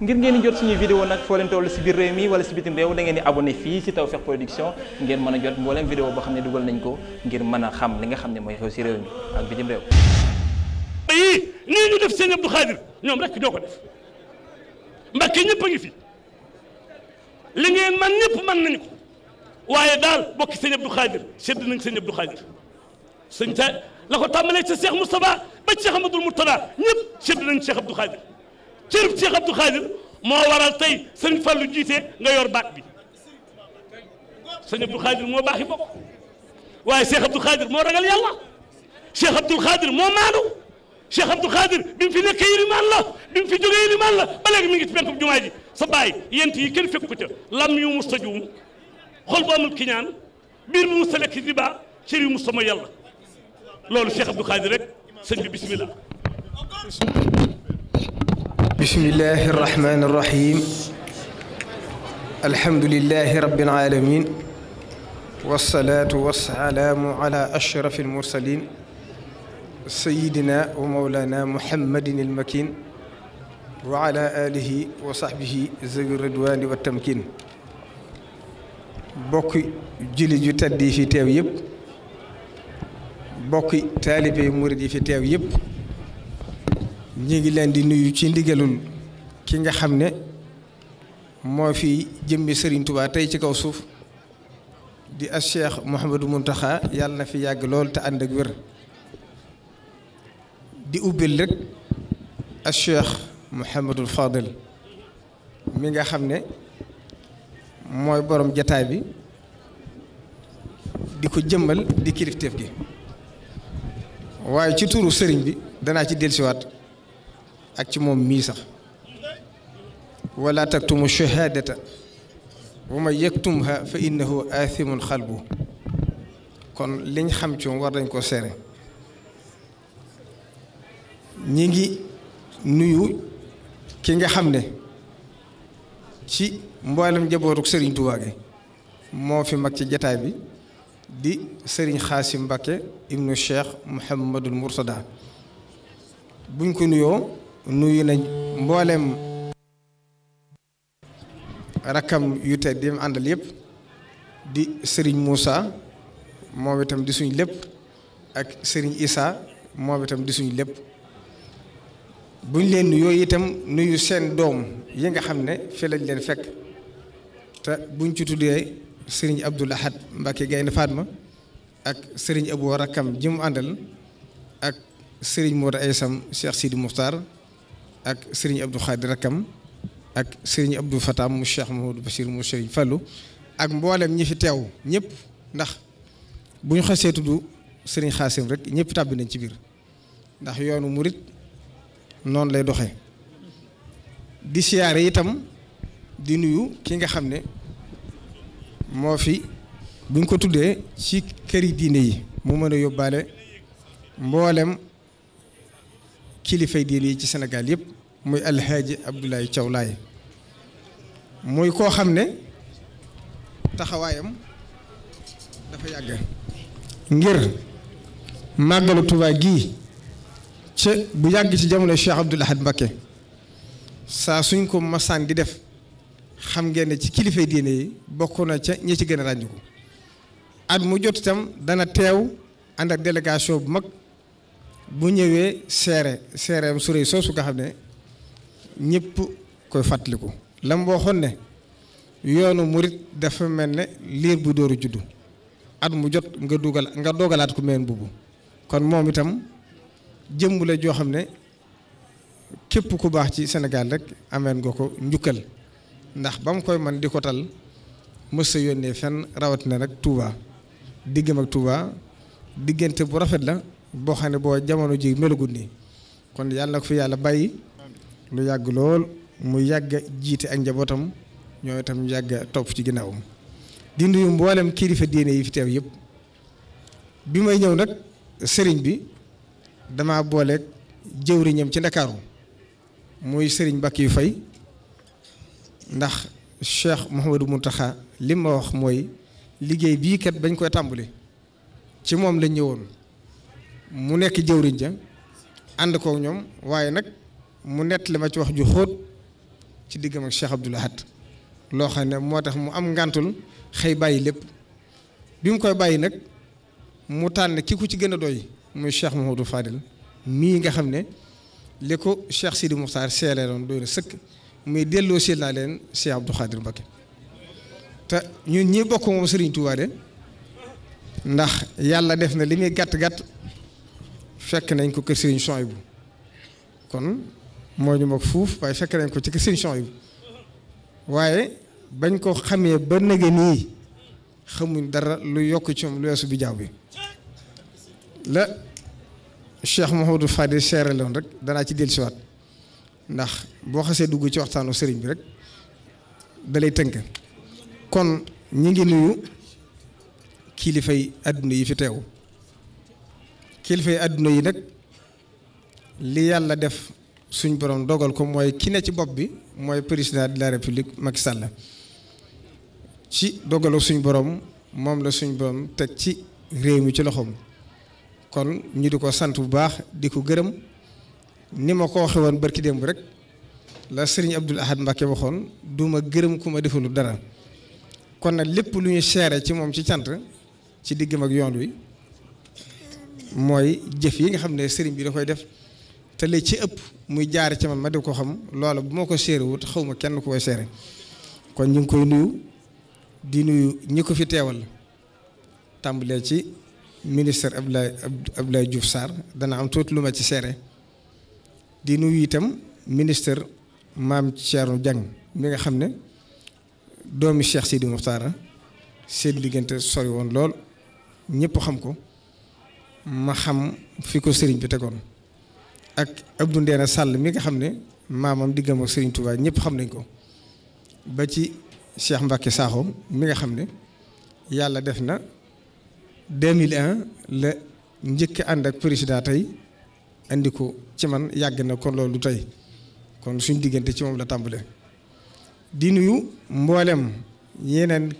ngir ngeen di jot suñuy vidéo nag foo leen toll si biir réew mi wala si bitim réew da ngeen di fii si Tawfekh Production ngeen mën a jot mbooleem vidéo boo xam ne dugal nañ ko ngir mën a xam li nga xam ne mooy xew si réew mi ak bitim réew nii ñu def sëñ Abdou Khadir ñoom rek ñoo ko def Mbàkke ñëpp a ngi fi li ngeen man ñëpp man nañu ko waaye daal bokki sëñ Abdou Khadir sedd nañ sëñ Abdou Khadir sëñ ta la ko tàmbalee ci Cheikh Moustapha ba Cheikh Amadou Mourtada ñëpp sedd nañ Cheikh Abdou Khadir cërub Cheikh Abdou Khadir moo waral tey sëñ Fallou jiite nga yor baat bi sëñ Abdou Khadir moo baaxi bopp waaye Cheikh Abdou Khadir moo ragal yàlla Cheikh Abdou Khadir moo maanu Cheikh Abdou Khadir bi mu fi nekk yilimaan la bi mu fi jógee yilimaan la ba mi ngi ci penku jumaa ji sa baay yent yi kenn fekk ko ca lam yu musta juum xol bu amul kiñaan biir musta lekk di baa musta mooy yàlla loolu Cheikh Abdou Khadir rek sëñ bismillah bismillahi irrahmani irrahim alhamdulilahi rabilalamin walsalaatu walsalaamu ala ashrafi almursalin sayidina wa maulana muhammadin almakin wa ala alihi wa sahbihi zawi ridwani wa tamkin bokki jullit yu tedd yi fi teew yëpp bokki taalibe murid yi fi teew yëpp ñu ngi leen di nuyu ci ndigalul ki nga xam ne moo fi jëmmi sëriñ Touba tey ci kaw suuf di as cheikh Mouhamadou Mountakha yàlla na fi yàgg lool te ànd ak wér di ubbil rek as cheikh Mouhamadou Fadel mi nga xam ne mooy boroom jataay bi di ko jëmmal di kilifteef gi waaye ci turu sëriñ bi danaa ci dellusiwaat. ak ci moom mii sax wala taktumu shahaadata wa man yaktumha fa innahu aathimun xalbu kon liñ xam ci war dañ ko seere ñi ngi nuyu ki nga xam ne ci mboolem njabootu sëriñ Tuubaa gi moo fi mag ci jataay bi di sëriñ Xaasim Mbakke ibnu Cheikh Mouhamadul Mourtada buñ ko nuyoo nuyu nañ mboolem rakkam yu te yi mu àndal yëpp di sëriñ Moussa moom itam di suñ lépp ak sëriñ Issa moom itam di suñ lépp buñ leen nuyoo itam nuyu seen doom yi nga xam ne fi lañ leen fekk te buñ ci tuddee sëriñ Abdoul Ahad Mbacké Gaynde Fatma ak sëriñ Abou rakkam ji àndal ak sëriñ Modou Aysam Cheikh Sidi Moukhtar ak sëriñ Abdou Khadre rakkam ak sëriñ Abdou Fatam mu Cheikh Mahamadou Bachir mu sëriñ Fallou ak mboolem ñi fi teew ñëpp ndax bu ñu xasee tudd sëriñ Xaasim rek ñëpp tàbbi nañ ci biir ndax yoonu murit noonu lay doxe di siyaare itam di nuyu ki nga xam ne moo fi buñ ko tuddee ci këri diine yi mu mën a yóbbaale mboolem. kilifay diine yi ci Sénégal yëpp muy alxaaji Abdoulaye Thiaw Laye muy koo xam ne taxawaayam dafa yàgg ngir màggalu Tuubaa gii ca bu yàgg ci jamono Cheikh Abdoul Ahad saa suñ ko masaan di def xam ngeen ci kilifay diine yi bokk na ca ñi ci gën a ràññiku at mu jot itam dana teew ànd ak délégation bu mag bu ñëwee seere seereem su rëy soosu nga xam ne ñëpp koy fàttaliku lam waxoon ne yoonu murit dafa mel ne liir bu dóoru juddu at mu jot nga nga dogalaat ku meen bubu kon moom itam jëmm la joo xam ne képp ku baax ci senegal rek ameen nga ko njukkal ndax ba mu koy man di ko tal mës a yónnee fenn rawatina nag Touba diggam ak tuuba diggante bu rafet la boo xam ne boo jamono ji melagul nii kon yàlla na ko fi yàlla bàyyi lu yàgg lool mu yàgg jiite ak njabootam ñoo itam yàgg topp ci ginnaawam di nuyu mboolem kilifa diine yi fi teew yëpp bi may ñëw nag sëriñ bi dama booleeg jëwriñam ci ndakaaru muy sëriñ Mbàkke yu fay ndax Cheikh Mouhamadou Mountakha li ma wax mooy liggéey bii kat bañ koy tàmbali ci moom lañ ñëwoon. mu nekk jëwriñ ja ànd kook ñoom waaye nag mu nett li ma ci wax ju xóot ci diggam ak Cheikh Abdoul loo xam ne moo tax mu am ngàntul xëy bàyyi lépp bi mu koy bàyyi nag mu tànn ki ku ci gën a doy muy Cheikh Mouhamadou Fadil mii nga xam ne li ko Cheikh Sidi Moukhtar seelee doon doy na sëkk muy delloo seel naa leen Cheikh Abdou Khadir Mbacké te ñun ñi bokk moom Serigne Touba de ndax yàlla def na li muy gàtt gàtt fekk nañ ko kër Serigne bu kon moo ñu mag fuuf waaye fekk nañ ko ci kër Serigne Souhaïbou waaye bañ koo xamee ba nage xamuñ dara lu yokk ci bi jaaw bi la Cheikh Mouhamadou Fadi seere rek danaa ci dellusiwaat ndax boo xasee dugg ci waxtaanu sëriñ bi rek dalay tënk kon ñi ngi nuyu kilifay àdduna yi fi teew kilifay àdduna yi nag li yàlla def suñ borom dogal ko mooy ki ne ci bopp bi mooy président de la république Macky Sall ci dogalu suñ borom moom la suñ borom teg ci réew mi ci loxoom kon ñu di ko sant bu baax di ko gërëm ni ma ko waxee woon barki démb rek la sëriñ Abdul Ahad Mbacke waxoon du ma gërëm ku ma defalu dara kon nag lépp lu ñu seere ci moom ci cant ci diggam ak yoon wi. mooy jëf yi nga xam ne sëriñ bi da koy def te li ci ëpp muy jaar ci man ma di ko xam loola bu ma ko seere wut xaw ma kenn ku koy seere kon ñu ngi koy nuyu di nuyu ñi ko fi teewal tàmbalee ci ministre Abdoulaye Abdoulaye Diouf saar dana am tuuti lu ma ci seere di nuyu itam ministre Mame Thierno Dieng mi nga xam ne doomi Cheikh Sidi Moustapha seen diggante sori woon lool ñëpp xam ko. ma xam fi ko sëriñ bi tegoon ak Abdou Ndeena sàll mi nga xam ne maamam diggam ak sëriñ Touba ñëpp xam nañ ko ba ci Cheikh Mbacke Sakho mi nga xam ne yàlla def na 2001 la njëkk ànd ak président tey indi ko ci man yàgg na kon loolu tey kon suñ diggante ci moom la tàmbale di nuyu mboolem yeneen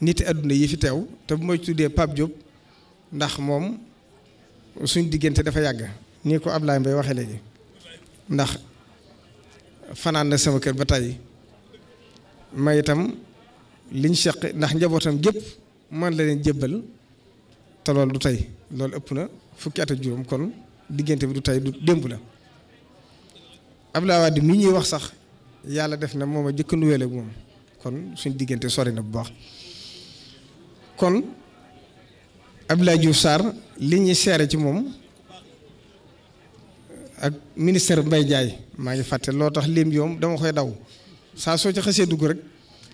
nit àdduna yi fi teew te bu may tuddee Pape Diop. ndax moom suñ diggante dafa yàgg nii ko Ablaye bay waxee léegi ndax fanaan na sama kër ba tàyyi may itam liñ seq ndax njabootam gépp man la leen jébbal te loolu du tey loolu ëpp na fukki at ak juróom kon diggante bi du tey du démb la ab Abdoulaye Wade mi ñuy wax sax yàlla def na moom a jëkk nuweel ak moom kon suñ diggante sori na bu baax kon Abdoulaye Diouf Sarr li ñuy seere ci moom ak ministère mbay Ndiaye maa ngi fàtte loo tax lim yoom dama koy daw saa soo ci xasee dugg rek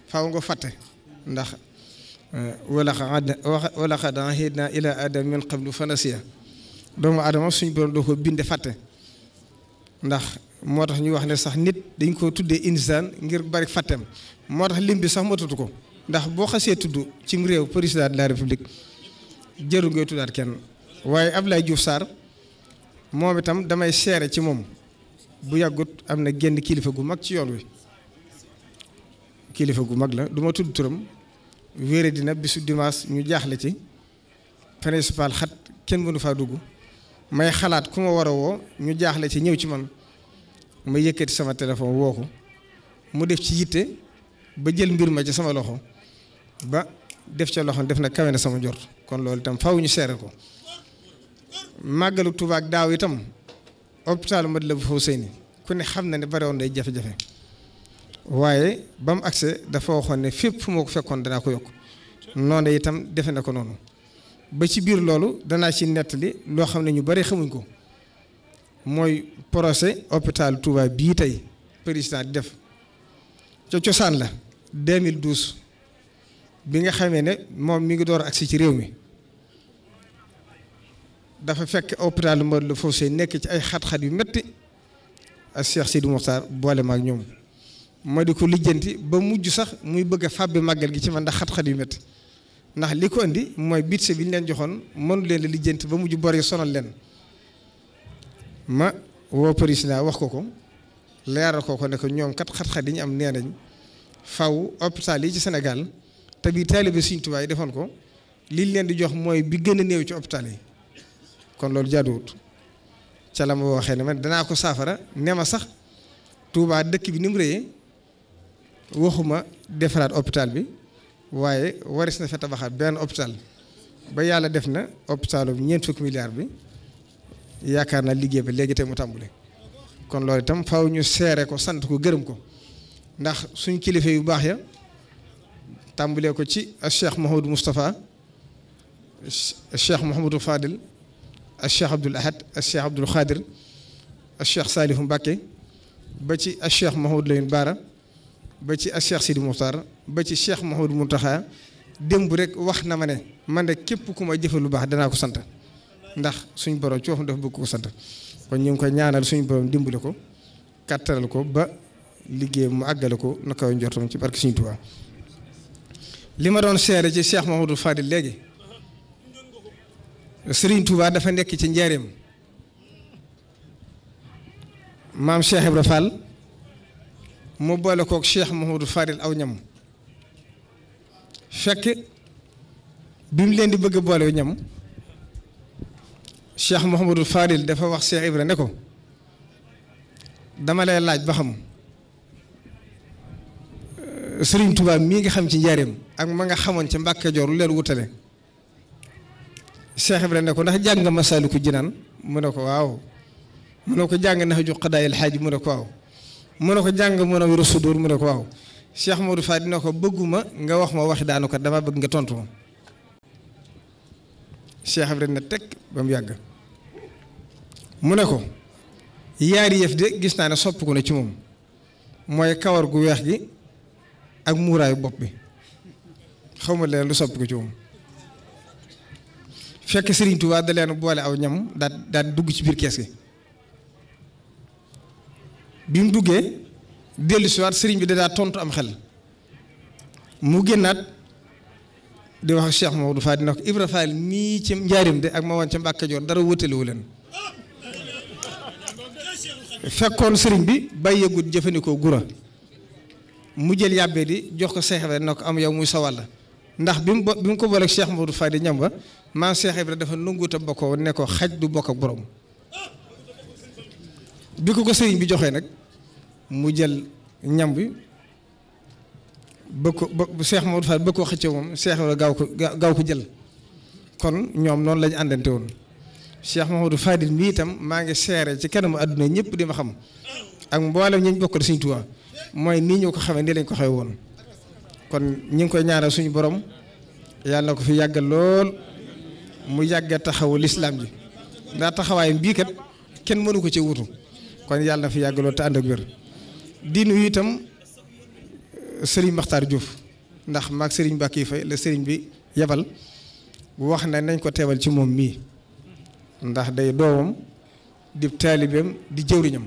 faaw nga fàtte ndax euh, wala xad ahidna ila adam min qablu fa nasiya doomu adama suñ borom doo ko binde fàtte ndax moo tax ñuy wax ne sax nit dañ ko tuddee insaan ngir bari fàtteem moo tax lim bi sax matatu ko ndax boo xasee tuddu cim réew président de la république jëru ngay tuddaat kenn waaye Ablaye Diouf saar moom itam damay seere ci moom bu yàggut am na génn kilifa gu mag ci yoon wi kilifa gu mag la duma tudd turam wéere dina bisu dimanche ñu jaaxle ci principal xat kenn mënu faa dugg may xalaat ku ma war a woo ñu jaaxle ci ñëw ci man ma yëkkati sama téléphone woo ko mu def ci yitte ba jël mbir ma ci sama loxo ba def ca loxo def na kawe na sama jort kon loolu tam faw ñu seere ko màggalu Tuubaa ak daaw itam hôpital Matlaboul Fawzayni ku ne xam na ne bari woon day jafe-jafe waaye ba mu dafa waxoon ne fépp fu moo ko fekkoon danaa ko yokk noonu itam defe na ko noonu ba ci biir loolu danaa ci nettali loo xam ne ñu bari xamuñ ko mooy projet hôpital Touba bii tey président def ca cosaan la 2012 bi nga xamee ne moom mi ngi door agsi ci réew mi dafa fekk ma hôpital Matlaboul Fawzayni nekk ci ay xat-xat yu metti ak Cheikh Sidi Mokhtar boole ma ak ñoom ma di ko lijjanti ba mujj sax muy bëgg a fàbbi màggal gi ci man ndax xat-xat yu metti ndax li ko indi mooy budget bi ñu leen joxoon mënu leen la lijjanti ba mujj bor yi sonal leen ma woo président wax ko ko leeral ko ko ne ko ñoom kat xat-xat yi ñu am neenañ faw hôpital yi ci senegal te bi taalibe Sëriñ Tuubaa ko liñ leen di jox mooy bi gën a néew ci hôpital yi kon loolu jaaduwut ca la ma waxee ne man danaa ko saafara ne ma sax Tuubaa dëkk bi ni mu rëyee waxuma defaraat hôpital bi waaye waris na fa tabaxaat benn hôpital ba yàlla def na hôpitalu ñeent fukki milliard bi yaakaar naa liggéey ba léegi te mu tàmbule kon loolu itam faaw ñu seere ko sant ko gërëm ko ndax suñ kilifa yu baax ya tàmbalee ko ci ak cheikh Mouhamadou Moustapha ak cheikh Mouhamadou Fadil ak cheikh Abdoul Ahad ak cheikh Abdoul Khadir ak cheikh Salihou Mbacké ba ci ak cheikh Mouhamadou Lamine Bara ba ci ak cheikh Sidi Moukhtar ba ci cheikh Mouhamadou Mountakha démb rek wax na ma ne man de képp ku ma jëfal lu baax danaa ko sant ndax suñu borom ci waxum dafa bëgg ko sant kon ñu ngi koy ñaanal suñu borom dimbale ko kàttaral ko ba liggéey mu àggale ko na kaw njortam ci barke suñu Tuubaa li ma doon seere ci Cheikh Mamadou Fadil léegi sëriñ Touba dafa nekk ci njaareem maam Cheikh Ibra Fall mu boole kook Cheikh Mamadou Fadil aw ñam fekk bi mu leen di bëgg a boole ñam Cheikh Mamadou Fadil dafa wax seex Ibra ne ko dama lay laaj ba xam. Serigne tubaab mii nga xam ci njaareem ak ma nga xamoon ci Mbàkke Kajoor lu leen wutale Cheikh Ibrahima ne ko ndax jàng ma Masaalikul Jinaan mu ne ko waaw mu ne ko jàng ndax ju Qadaayil Xaaj mu ne ko waaw mu ne ko jàng mu ne Wiru Sudur mu ne ko waaw Cheikh Modou Fadi ko bëgguma nga wax ma waxi daanu ko dama bëgg nga tontu ma Cheikh Ibrahima ne teg ba mu yàgg mu ne ko yaari yëf de gis naa ne sopp ko ne ci moom mooy kawar gu weex gi ak muuraayu bopp bi xaw ma leen lu soppi ko ci moom fekk Serigne Touba boole aw ñam daal daal dugg ci biir kees gi bi mu duggee dellu si sëriñ bi da daa tontu am xel mu génnaat di wax ak Cheikh Maodo Fall dina ko Ibra Fall mii ci njaarim de ak ma woon ca Mbàkke dara wóotalewu leen fekkoon Serigne bi bàyyeegut jëfandikoo gura. mu jël yàbbee di jox ko Cheikh Ibrahima na ko am yow muy sa wàll ndax bi mu bi mu ko booleeg Cheikh Modou Fadi ñam ba maam Cheikh Ibrahima dafa nanguut a ne ko xaj du bokk borom bi ko ko sëriñ bi joxee nag mu jël ñam bi bëgg ko ba Cheikh Modou Fadi bëgg xëccee moom Cheikh Ibrahima gaaw ko gaaw ko jël kon ñoom noonu lañu àndante woon Cheikh Modou Fadi mii itam maa ngi seere ci kanamu àdduna ñëpp di ma xam ak mboolem ñi bokk bokkal Sëriñ Tuubaa mooy nii ñu ko xamee nii lañ ko xawe woon kon ñu ngi koy ñaaral suñu borom yàlla na ko fi yàggal lool mu yàgga taxawu lislaam ji ndax taxawaayam bii kat kenn mënu ko ci wutu kon yàlla na fi yàgg lool te ànd ak wér di nuyu itam euh, Serigne Makhtar Diouf ndax maag Serigne Bakki Faye la Serigne bi yebal wax na nañ ko teewal ci moom mii ndax day doomam di taalibeem di jëwriñam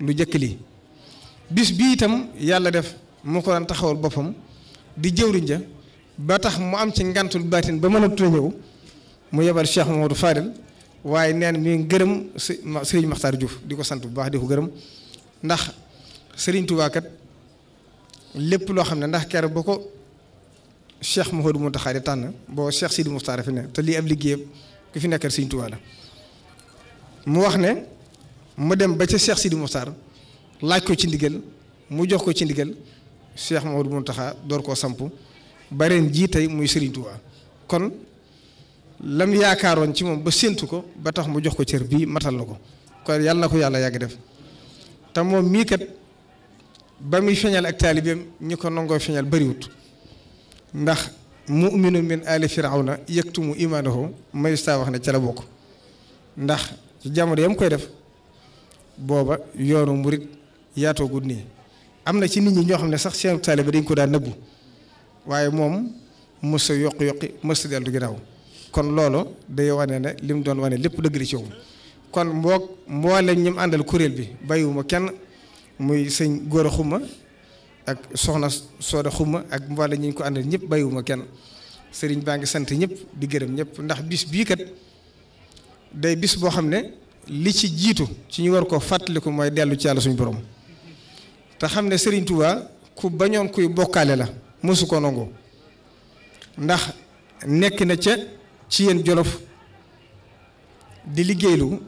lu jëkk lii bis bi itam yàlla def moo ko daan taxawal boppam di jëwriñ ja ba tax mu am ci ngantul baatin ba mënatu ñëw mu yebal Cheikh Mamadou Fadel waaye neen mi ngi gërëm sëriñ Maxtaar Diouf di ko sant bu baax di ko gërëm ndax sëriñ Tuubaa lépp loo xam ne ndax ker ba ko Cheikh Mahoudou Mountakha di tànn boo Cheikh Sidi Moustapha fi ne te lii ab liggéeyam ku fi nekkal sëriñ Tuubaa la mu wax ne mu dem ba ca Cheikh Sidi Moustapha laaj ko ci ndigal mu jox ko ci ndigal Cheikh Mouhamadou taxa door koo samp bareen jii tey muy Serigne kon lam yaakaaroon ci moom ba séntu ko ba tax mu jox ko cër bii matal na ko kon yàlla na ko yàlla yàgg def te moom mii kat ba muy feeñal ak taalibeem ñi ko nangoo feeñal bariwut ndax mu'minu na ali firawna yaktumu imaanahu mayusta wax ne ca la bokk ndax ci jamono yam koy def booba yoonu murit yaatoo yaatoogul nii am na ci nit ñi ñoo xam ne sax seen taalibe dañ ko daan nëbbu waaye moom mos a yokk-yokki mos a dellu ginnaaw kon loolu day wane ne li mu doon wane lépp dëgg la ci kon mbook mboolem ñi mu àndal kuréel bi bàyyiwuma kenn muy sëñ góor a xuma ak soxna sooda xuma ak mboole ñu ñu ko àndal ñëpp bàyyiwuma kenn sëriñ baa ngi sant ñëpp di gërëm ñëpp ndax bis bii kat day bis boo xam ne li ci jiitu ci ñu war koo fàttaliku mooy dellu ci yàlla suñu borom. te xam ne Serigne Touba ku bañoon kuy bokkaale la mosu ko nangu ndax nekk na ca ci yéen jolof di liggéeylu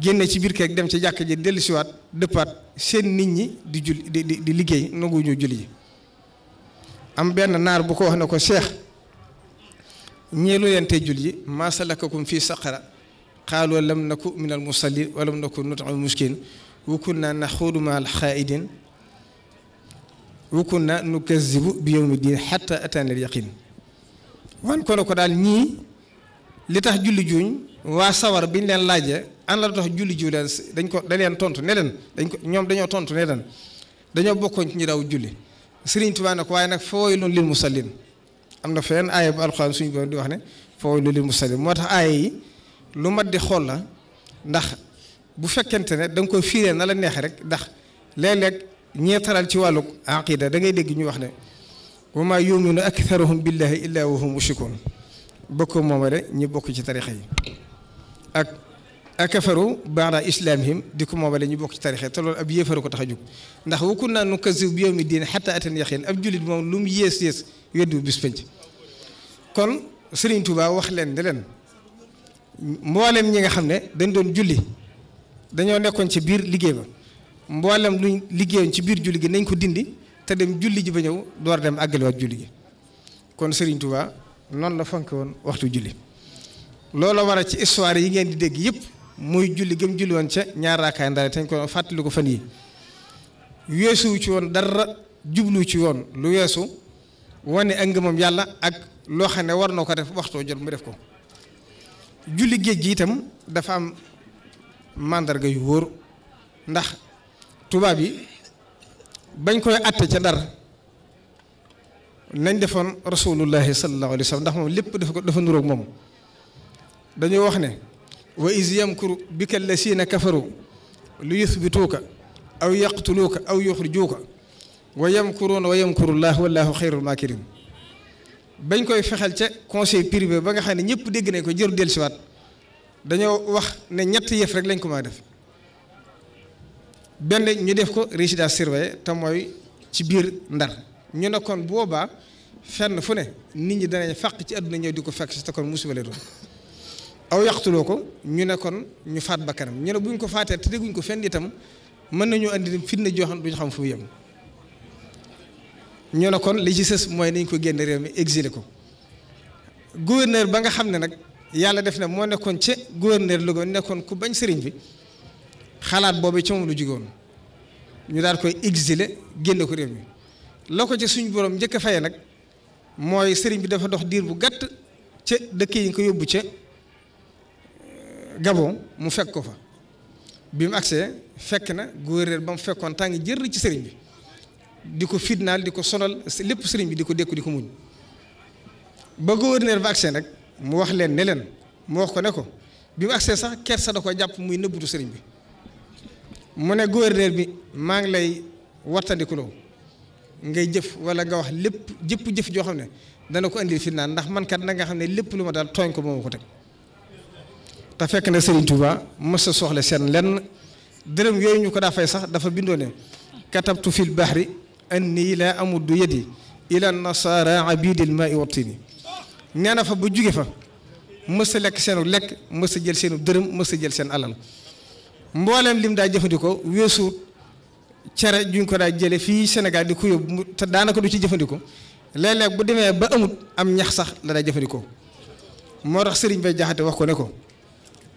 génne ci biir keek dem ca jàkk ji dellusiwaat dëppaat seen nit ñi di jul di di liggéey nangu ñu julli am benn naar bu ko wax ne ko seex ñeelu leen tey yi maa salakakum fii saqara qaalu lam naku min al musallin walam naku nut'imu miskin wa na naxuudu ma al xaaidin wa kunna nukazibu bi yawmi diin xatta ataana al yaqin wan kono ko daal ñii li tax julli juuñ waa sawar biñ leen laaje an la tax julli jiw dañ ko da tontu ne dañ ko ñoom dañoo tontu ne leen dañoo bokkoo ci ñi daw julli Sëriñ Tuubaa nag waaye nag foo fawaylun lil musallin am na fenn aaya bu alxuraan suñu borom di wax ne fawaylun lil musallin moo tax aaya yi lu mat di xool la ndax bu fekkente ne da nga koy fiiree na la neexee rek ndax léeg-léeg ñee taral ci wàllu aqida da ngay dégg ñu wax ne wa maa yuminu aktharuhum billahi illa wa hum mushrikun bokkoo moomale ñi bokk ci tarixa yi ak akafaru baada islaamihim di ko moomale ñu bokk ci tarixe yi te loolu ab yéefaru ko tax a jóg ndax wa kunnaa nukazzibu bi yawmi diin xatta atan yaqiin ab jullit moom lu mu yées yées weddu bis penc kon Serigne Touba wax leen ne leen mboolem ñi nga xam ne dañ doon julli dañoo nekkoon ci biir liggéey ba mboolem luñ liggéeyoon ci biir julli gi nañ ko dindi te dem julli ji ba ñëw door dem àggaliwaat julli gi kon Serigne Touba noonu la fonke woon waxtu julli loolu war a ci histoire yi ngeen di dégg yëpp muy julli gëm julli woon ca ñaar raakaay ndare te ñu ko fàttali ko fan yi weesuwu ci woon dara jubluwu ci woon lu weesu wane ak moom yàlla ak loo xam ne war noo ko def waxtoo jot mu def ko julli géej gi itam dafa màndarga yu wóor ndax tubaab yi bañ koy atte ca Ndar nañ defoon rasulullahi sallallahu alayhi wa sallam ndax moom lépp dafa ko dafa nuroog moom dañoo wax ne wa is yamkuru bika lasina kafaru lu yuthbituuka aw yaqtuluuka aw yuxrijuuka wa yamkuruuna wa yamkurullah wallahu xayrul maakirin bañ koy fexel ca conseil privé ba nga xam ne ñëpp dégg nañ ko jëru dellusiwaat dañoo wax ne ñett yëf rek lañ ko ma def benn ñu def ko résidence surveillée te mooy ci biir ndar ñu ne kon boobaa fenn fu ne nit ñi danañ fàq ci àdduna ñëw di ko fekk si te kon musiba doon aw yaqtuloo ko ñu ne kon ñu faat bakkanam ñu ne buñ ko faatee te dégguñ ko fenn itam mën nañoo andi fitna joo xam duñ xam fu yem ñu ne kon li ci sës mooy nañ ko génn réew mi exilé ko gouverneur ba nga xam ne nag. yàlla def na moo nekkoon ca gouverneur Louga nekkoon ku bañ sëriñ bi xalaat boobe ci moom lu jugoon ñu daal koy exiler génne ko réew mi loo ko ci suñu borom njëkk a faye nag mooy sëriñ bi dafa dox diir bu gàtt ca dëkk yi nga ko yóbbu ca euh, Gabon mu fekk ko fa bi mu agsee fekk na gouverneur ba mu fekkoon tàng jër ci sëriñ bi di ko fitnaal di ko sonal lépp sëriñ bi di ko dékku di ko muñ ba gouverneur ba agsee nag mu wax leen ne leen mu wax ko ne ko bi mu agsee sax kersa da ko jàpp muy nëbbutu sëriñ bi mu ne gouverneur bi maa ngi lay wattandikuloo ngay jëf wala nga wax lépp jëpp jëf joo xam ne dana ko indil fitna ndax man kat na nga xam ne lépp lu ma daal tooñ ko moom ko teg te fekk na Serigne Touba mos a soxla seen lenn dërëm yooyu ñu ko daa fay sax dafa bindoo ne katabtu fil bahri anni la amuddu yadi ila nasara abidil ma'i wa tini nee fa ba jóge fa mës lekk seenu lekk mës jël seenu dërëm mës jël seen alal mbooleem lim daa jëfandikoo weesu cere juñ ko daa jële fii Sénégal di ko yóbbu te daanaka du ci jëfandikoo léeg bu demee ba amut am ñax sax la daa jëfandikoo moo tax sëriñ bay jaxate wax ko ne ko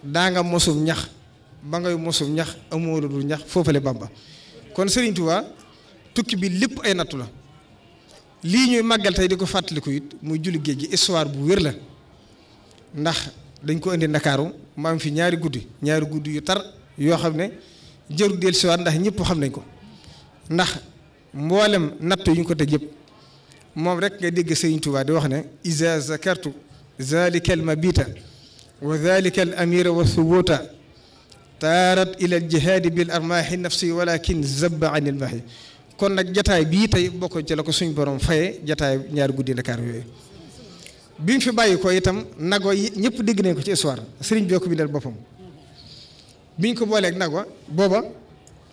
daa nga mosum ñax ba ngay mosum ñax amoo lu dul ñax foofale Bàmba kon sëriñ tukki bi lépp ay nattu la lii ñuy màggal tey di ko fàttaliku it muy julli géej gi histoire bu wér la ndax dañ ko indi ndakaaru mu am fi ñaari guddi ñaari guddi yu tar yoo xam ne jëru del siwaat ndax ñëpp xam nañ ko ndax mboolem natt yu ko tëj yëpp moom rek nga dégg Sëriñ Tuubaa di wax ne iza zakartu zalika al mabita wa zalika al amira wa subuta taarat ila al jihaadi bil armaahi nafsi walakin zabba an il mahi kon nag jataay bii tey bokkoon ci la ko suñ boroom fayee jataay ñaari guddi Ndakaar yooyu bi mu fi bàyyi ko itam nago yi ñëpp dégg nañ ko ci histoire sëriñ bi ko bindal boppam biñ ko booleek nag wa booba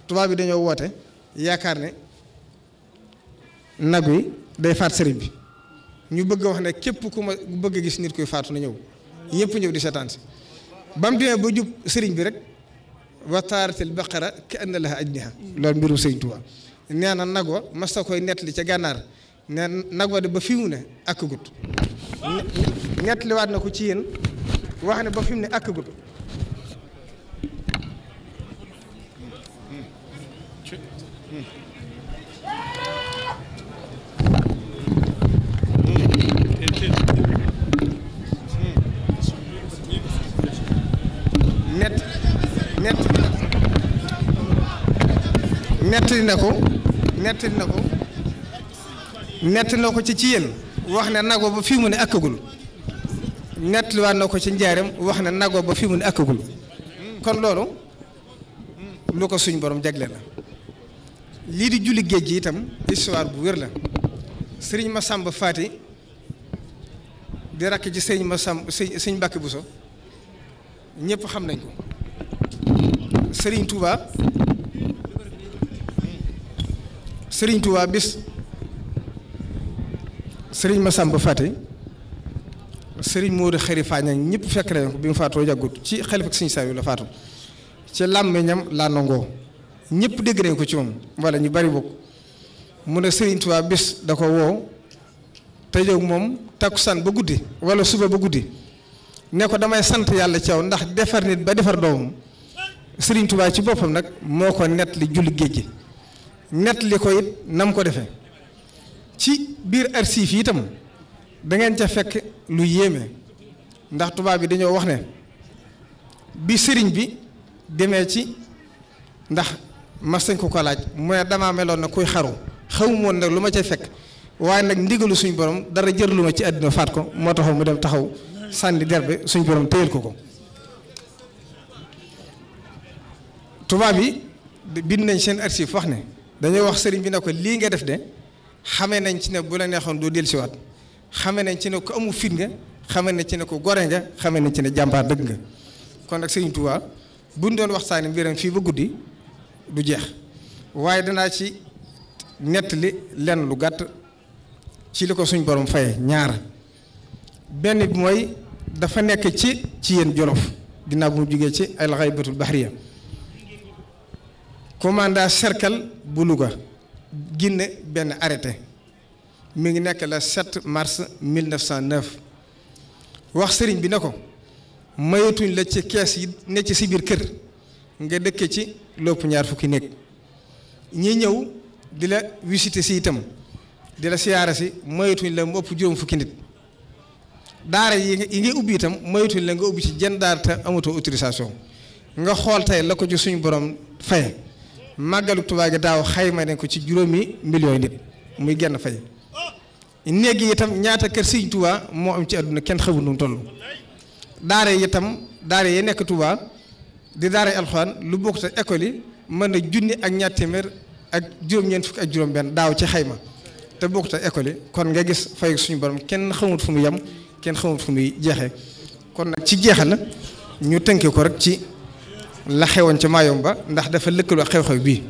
tubaab bi dañoo woote yaakaar ne nag wi day faat sëriñ bi ñu bëgg wax ne képp ku ma bëgg a gis nit koy faatu na ñëw ñëpp ñëw di seetaan si ba mu ba jub sëriñ bi rek wa taaratil baqara ka anna laha ajniha loolu mbirum sëriñ Tuubaa nee na nag wa koy nettali ca gànnaar nee nag wa de ba fi ne ak gut nettaliwaat na ko ci yéen wax ne ba fi ne ak gut nettali na ko nettali na ko nettali na ko ci ci yéen wax na nagoo ba fii mu ne akkagul nettaliwaat na ko ci njaaram wax na nagoo ba fi mu ne akkagul kon loolu lu ko suñ boroom jagle la lii di julli géej gi itam histoire bu wér la sëriñ Massamba Faati di rakk ci sëriñ Massamba sëriñ Mbàkke Buso ñëpp xam nañ ko sëriñ Touba. sëriñ Touba bis sëriñ Massamba Faté sëriñ Modou Xari Faaña ñëpp fekk nañ ko bi mu faatoo yàggut ci xalifa ak sëriñ Saliou la faatu ci làmmiñam laa nangoo ñëpp dégg nañ ko ci moom wala ñu bari bokk mu ne sëriñ Touba bis da ko woow te jóg moom takkusaan ba guddi wala suba ba guddi ne ko damay sant yàlla ci ndax defar nit ba defar doomam sëriñ Touba ci boppam nag moo ko nett li julli géej gi nett li koy nam ko defee ci biir archives yi itam da ngeen ca fekk lu yéeme ndax tubaab bi dañoo wax ne bi sëriñ bi demee ci ndax mas ko ko laaj mu ne damaa meloon na kuy xaru xawma woon nag lu ma ca fekk waaye nag ndigalu suñ borom dara jër lu ma ci àddina faat ko moo taxaw mu dem taxaw sànni derbe suñ borom téyel ko ko tubaab yi bind nañ seen archive wax ne dañoo wax sëriñ bi ne ko lii nga def de xame nañ ci ne bu la neexoon doo dellusiwaat xamee nañ ci ne ko amul fit nga xamee nañ ci ne ko gore xamee nañ ci ne jàmbaar dëgg nga kon nag sëriñ Touba buñ doon wax waxtaanee mbiram fii ba guddi du jeex waaye danaa ci nettali lenn lu gàtt ci li ko suñ borom faye ñaar benn bi mooy dafa nekk ci ci yéen jolof ginnaaw bu mu jugee ci al ghaybatul bahriya commandant cercle bu Louga génne benn arrêté mu ngi nekk le 7 mars 1909 wax sëriñ bi ne ko mayetuñ la ci kees yi ne ci si kër nga dëkke ci lopp ñaar fukki néeg ñi ñëw di la visiter si itam di la siyaara si mayetuñ la mu ëpp juróom fukki nit daara yi yi ngay ubbi itam mayetuñ la nga ubbi ci jenn daara te amatoo autorisation nga xool tey la ko ci suñu borom faye màggalu Tuubaa gi daaw xayma ne ko ci juróomi millions nit muy genn fay néeg yi itam ñaata kër Sëriñ Tuubaa moo am ci àdduna kenn xamul nu mu toll daara yi itam daara yi nekk Tuubaa di daara alxuraan lu bokk te école yi mën na junni ak ñaar téeméer ak juróom-ñeent fukk ak juróom-benn daaw ci xayma te bokk te école yi kon nga gis fay suñu borom kenn xamul fu mu yem kenn xamul fu muy jeexee kon nag ci jeexal ñu tënkee ko rek ci. la xewoon ca maayom ba ndax dafa lëkkaloo xew-xew bii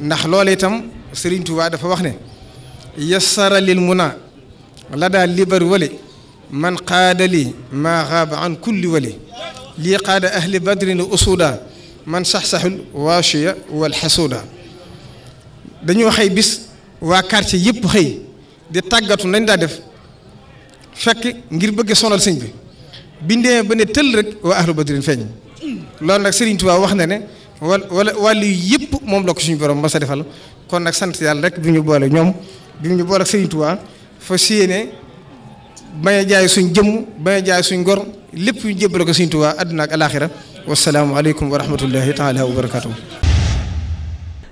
ndax loolu itam Serigne Touba dafa wax ne yassara lil muna la daal libar wali man qaada li maa xaaba an kulli wali lii qaada ahli badrin usuda man sax-saxul waashiya wal xasuuda dañoo xëy bis waa quartier yépp xëy di tàggatu nañ daa def fekk ngir bëgg sonal sëñ bi bindee ba ne tël rek waa ahlu badrin feeñ loolu nag Serigne tuwaa wax na ne wala wàllu yëpp moom la ko suñu borom ma sa defal kon nag sant yàlla rek bi ñu boolee ñoom bi ñu boole ak Serigne Touba fa siyéene bañ a jaay suñ jëmm bañ a jaay suñ ngor lépp ñu jébbal ko Serigne Touba àdduna ak alaaxira wasalaamu aleykum wa rahmatullahi taala wa barakatuh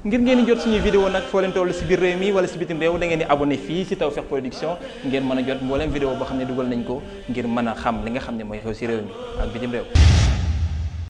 ngir ngeen di jot suñuy vidéo nag foo leen toll si biir réew mi wala si bitim réew da ngeen di abonné fii si Tawfekh Production ngeen mën a jot mbooleem vidéo boo xam ne dugal nañ ko ngir mën a xam li nga xam ne mooy xew si réew mi ak bitim